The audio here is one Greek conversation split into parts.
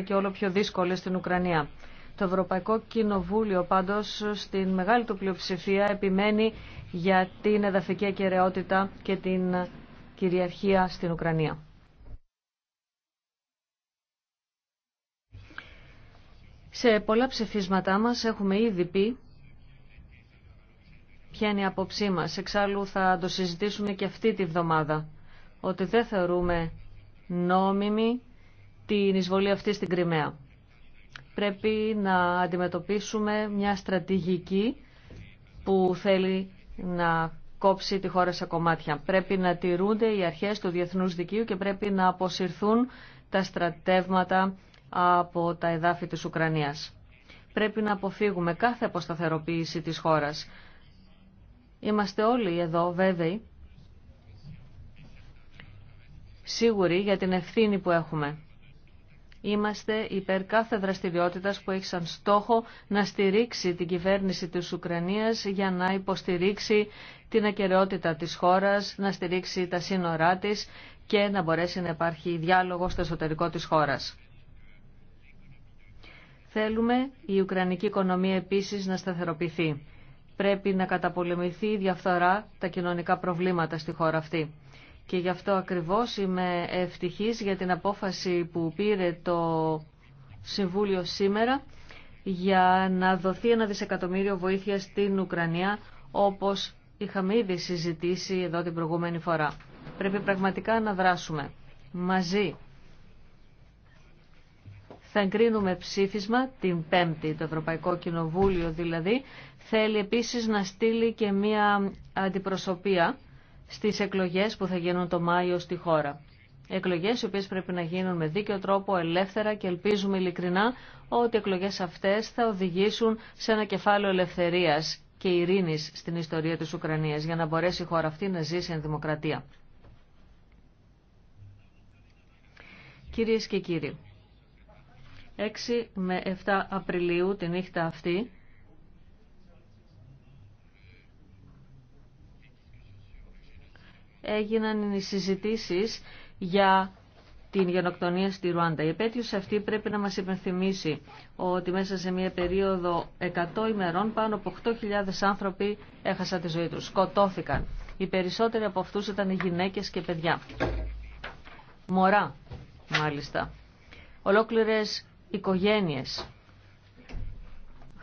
και όλο πιο δύσκολες στην Ουκρανία. Το Ευρωπαϊκό Κοινοβούλιο πάντως στην μεγάλη του πλειοψηφία επιμένει για την εδαφική ακεραιότητα και την κυριαρχία στην Ουκρανία. Σε πολλά ψηφίσματά μας έχουμε ήδη πει ποια είναι η απόψή μας. Εξάλλου θα το συζητήσουμε και αυτή τη βδομάδα, ότι δεν θεωρούμε νόμιμη την εισβολή αυτή στην Κρυμαία. Πρέπει να αντιμετωπίσουμε μια στρατηγική που θέλει να κόψει τη χώρα σε κομμάτια. Πρέπει να τηρούνται οι αρχές του διεθνούς δικαίου και πρέπει να αποσυρθούν τα στρατεύματα από τα εδάφη της Ουκρανίας. Πρέπει να αποφύγουμε κάθε αποσταθεροποίηση της χώρας. Είμαστε όλοι εδώ βέβαιοι, σίγουροι για την ευθύνη που έχουμε. Είμαστε υπέρ κάθε δραστηριότητας που έχει σαν στόχο να στηρίξει την κυβέρνηση της Ουκρανίας για να υποστηρίξει την ακεραιότητα της χώρας, να στηρίξει τα σύνορά της και να μπορέσει να υπάρχει διάλογο στο εσωτερικό της χώρας. Θέλουμε η Ουκρανική οικονομία επίσης να σταθεροποιηθεί. Πρέπει να καταπολεμηθεί η διαφθορά τα κοινωνικά προβλήματα στη χώρα αυτή. Και γι' αυτό ακριβώς είμαι ευτυχής για την απόφαση που πήρε το Συμβούλιο σήμερα για να δοθεί ένα δισεκατομμύριο βοήθεια στην Ουκρανία όπως είχαμε ήδη συζητήσει εδώ την προηγούμενη φορά. Πρέπει πραγματικά να δράσουμε μαζί. Θα εγκρίνουμε ψήφισμα την Πέμπτη, το Ευρωπαϊκό Κοινοβούλιο δηλαδή. Θέλει επίσης να στείλει και μία αντιπροσωπεία στις εκλογές που θα γίνουν το Μάιο στη χώρα. Εκλογές οι οποίες πρέπει να γίνουν με δίκαιο τρόπο, ελεύθερα και ελπίζουμε ειλικρινά ότι οι εκλογές αυτές θα οδηγήσουν σε ένα κεφάλαιο ελευθερίας και ειρήνης στην ιστορία της Ουκρανίας για να μπορέσει η χώρα αυτή να ζήσει εν δημοκρατία. Κυρίες και κύριοι, 6 με 7 Απριλίου τη νύχτα αυτή έγιναν οι συζητήσεις για την γενοκτονία στη Ρουάντα. Η επέτειος αυτή πρέπει να μας υπενθυμίσει ότι μέσα σε μια περίοδο 100 ημερών πάνω από 8.000 άνθρωποι έχασαν τη ζωή τους, σκοτώθηκαν. Οι περισσότεροι από αυτούς ήταν οι γυναίκες και παιδιά. Μωρά, μάλιστα. Ολόκληρες οικογένειες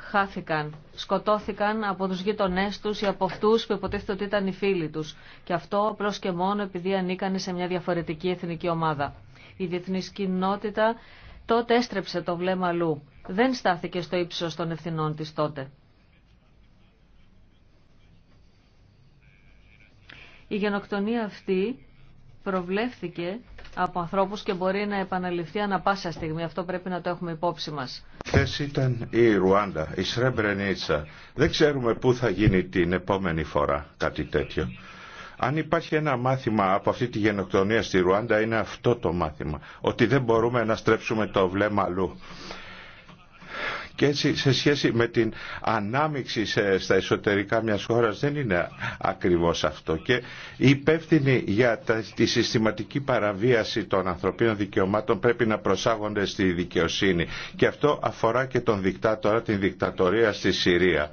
χάθηκαν, σκοτώθηκαν από τους γειτονές τους ή από αυτούς που υποτίθεται ότι ήταν οι φίλοι τους. Και αυτό απλώς και μόνο επειδή ανήκαν σε μια διαφορετική εθνική ομάδα. Η διεθνής κοινότητα τότε έστρεψε το βλέμμα αλλού. Δεν στάθηκε στο ύψος των ευθυνών της τότε. Η γενοκτονία αυτή προβλέφθηκε από ανθρώπους και μπορεί να επαναληφθεί ανα πάσα στιγμή. Αυτό πρέπει να το έχουμε υπόψη μας. Χθε ήταν η Ρουάντα, η Σρεμπρενίτσα. Δεν ξέρουμε πού θα γίνει την επόμενη φορά κάτι τέτοιο. Αν υπάρχει ένα μάθημα από αυτή τη γενοκτονία στη Ρουάντα είναι αυτό το μάθημα. Ότι δεν μπορούμε να στρέψουμε το βλέμμα αλλού. Και έτσι σε σχέση με την ανάμειξη στα εσωτερικά μιας χώρας δεν είναι ακριβώς αυτό. Και οι υπεύθυνοι για τη συστηματική παραβίαση των ανθρωπίνων δικαιωμάτων πρέπει να προσάγονται στη δικαιοσύνη. Και αυτό αφορά και τον δικτάτορα, την δικτατορία στη Συρία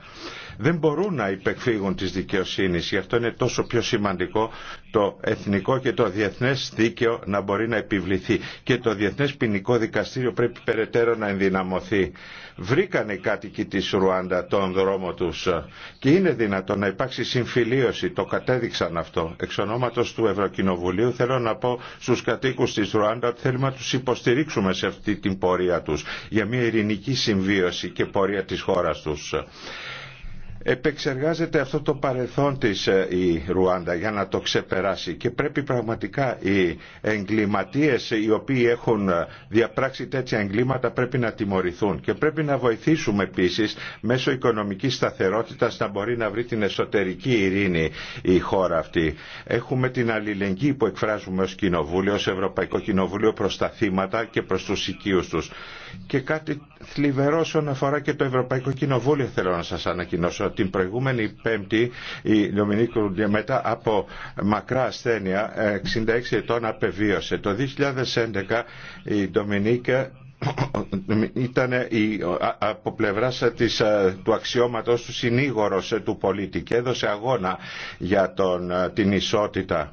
δεν μπορούν να υπεκφύγουν της δικαιοσύνης. Γι' αυτό είναι τόσο πιο σημαντικό το εθνικό και το διεθνές δίκαιο να μπορεί να επιβληθεί. Και το διεθνές ποινικό δικαστήριο πρέπει περαιτέρω να ενδυναμωθεί βρήκαν οι κάτοικοι της Ρουάντα τον δρόμο τους και είναι δυνατόν να υπάρξει συμφιλίωση, το κατέδειξαν αυτό. Εξ ονόματος του Ευρωκοινοβουλίου θέλω να πω στους κατοίκους της Ρουάντα ότι θέλουμε να τους υποστηρίξουμε σε αυτή την πορεία τους για μια ειρηνική συμβίωση και πορεία της χώρας τους επεξεργάζεται αυτό το παρελθόν της ε, η Ρουάντα για να το ξεπεράσει και πρέπει πραγματικά οι εγκληματίες οι οποίοι έχουν ε, διαπράξει τέτοια εγκλήματα πρέπει να τιμωρηθούν και πρέπει να βοηθήσουμε επίσης μέσω οικονομικής σταθερότητας να μπορεί να βρει την εσωτερική ειρήνη η χώρα αυτή. Έχουμε την αλληλεγγύη που εκφράζουμε ως Κοινοβούλιο, ως Ευρωπαϊκό Κοινοβούλιο προς τα θύματα και προς τους οικείους τους. Και κάτι θλιβερό όσον αφορά και το Ευρωπαϊκό Κοινοβούλιο θέλω να σας ανακοινώσω την προηγούμενη Πέμπτη η η μετά από μακρά ασθένεια 66 ετών απεβίωσε. Το 2011 η Ντομινίκ ήταν από πλευρά της, του αξιώματος του συνήγορος του πολίτη και έδωσε αγώνα για τον, την ισότητα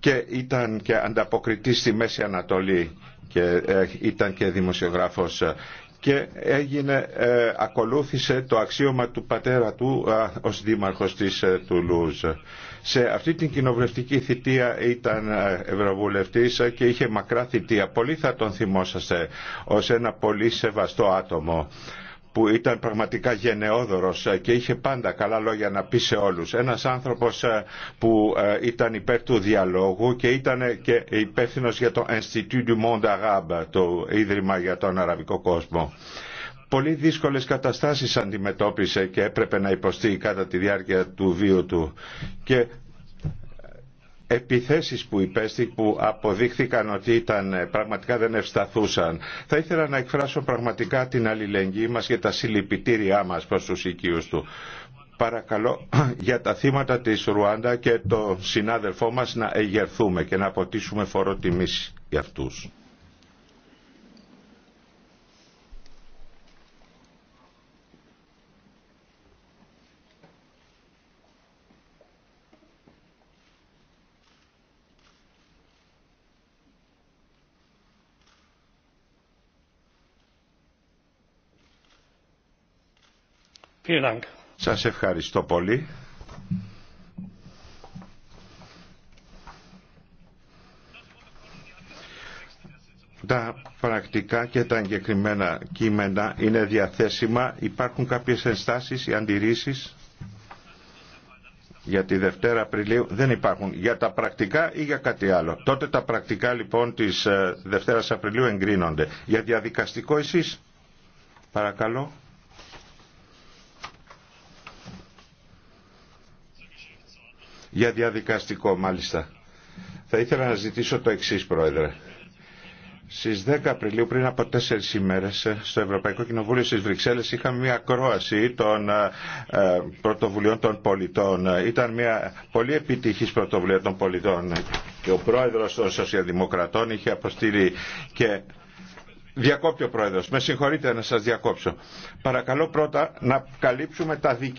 και ήταν και ανταποκριτής στη Μέση Ανατολή και ε, ήταν και δημοσιογράφος και έγινε, ε, ακολούθησε το αξίωμα του πατέρα του ως δήμαρχος της ε, Τουλούζ. Σε αυτή την κοινοβουλευτική θητεία ήταν ε, ευρωβουλευτής και είχε μακρά θητεία. Πολύ θα τον θυμόσαστε ως ένα πολύ σεβαστό άτομο που ήταν πραγματικά γενναιόδωρος και είχε πάντα καλά λόγια να πει σε όλους. Ένας άνθρωπος ε, που ε, ήταν υπέρ του διαλόγου και ήταν ε, και υπεύθυνο για το Institut du Monde Arabe, το Ίδρυμα για τον Αραβικό Κόσμο. Πολύ δύσκολες καταστάσεις αντιμετώπισε και έπρεπε να υποστεί κατά τη διάρκεια του βίου του. Και επιθέσεις που υπέστη που αποδείχθηκαν ότι ήταν, ε, πραγματικά δεν ευσταθούσαν. Θα ήθελα να εκφράσω πραγματικά την αλληλεγγύη μας και τα συλληπιτήριά μας προς τους οικείους του. Παρακαλώ για τα θύματα της Ρουάντα και το συνάδελφό μας να εγερθούμε και να αποτίσουμε τιμής για αυτούς. Σας ευχαριστώ πολύ. Τα πρακτικά και τα εγκεκριμένα κείμενα είναι διαθέσιμα. Υπάρχουν κάποιες ενστάσεις ή αντιρρήσεις για τη Δευτέρα Απριλίου δεν υπάρχουν. Για τα πρακτικά ή για κάτι άλλο. Τότε τα πρακτικά λοιπόν της ε, Δευτέρας Απριλίου εγκρίνονται. Για διαδικαστικό εσείς. Παρακαλώ. Για διαδικαστικό μάλιστα. Θα ήθελα να ζητήσω το εξή, Πρόεδρε. Στι 10 Απριλίου, πριν από τέσσερι ημέρε, στο Ευρωπαϊκό Κοινοβούλιο στις Βρυξέλλε, είχαμε μια ακρόαση των ε, ε, πρωτοβουλειών των πολιτών. Ήταν μια πολύ επιτυχή πρωτοβουλία των πολιτών. Και ο πρόεδρο των Σοσιαδημοκρατών είχε αποστείλει και Διακόπτει ο Πρόεδρος. Με συγχωρείτε να σας διακόψω. Παρακαλώ πρώτα να καλύψουμε τα δικαιώματα.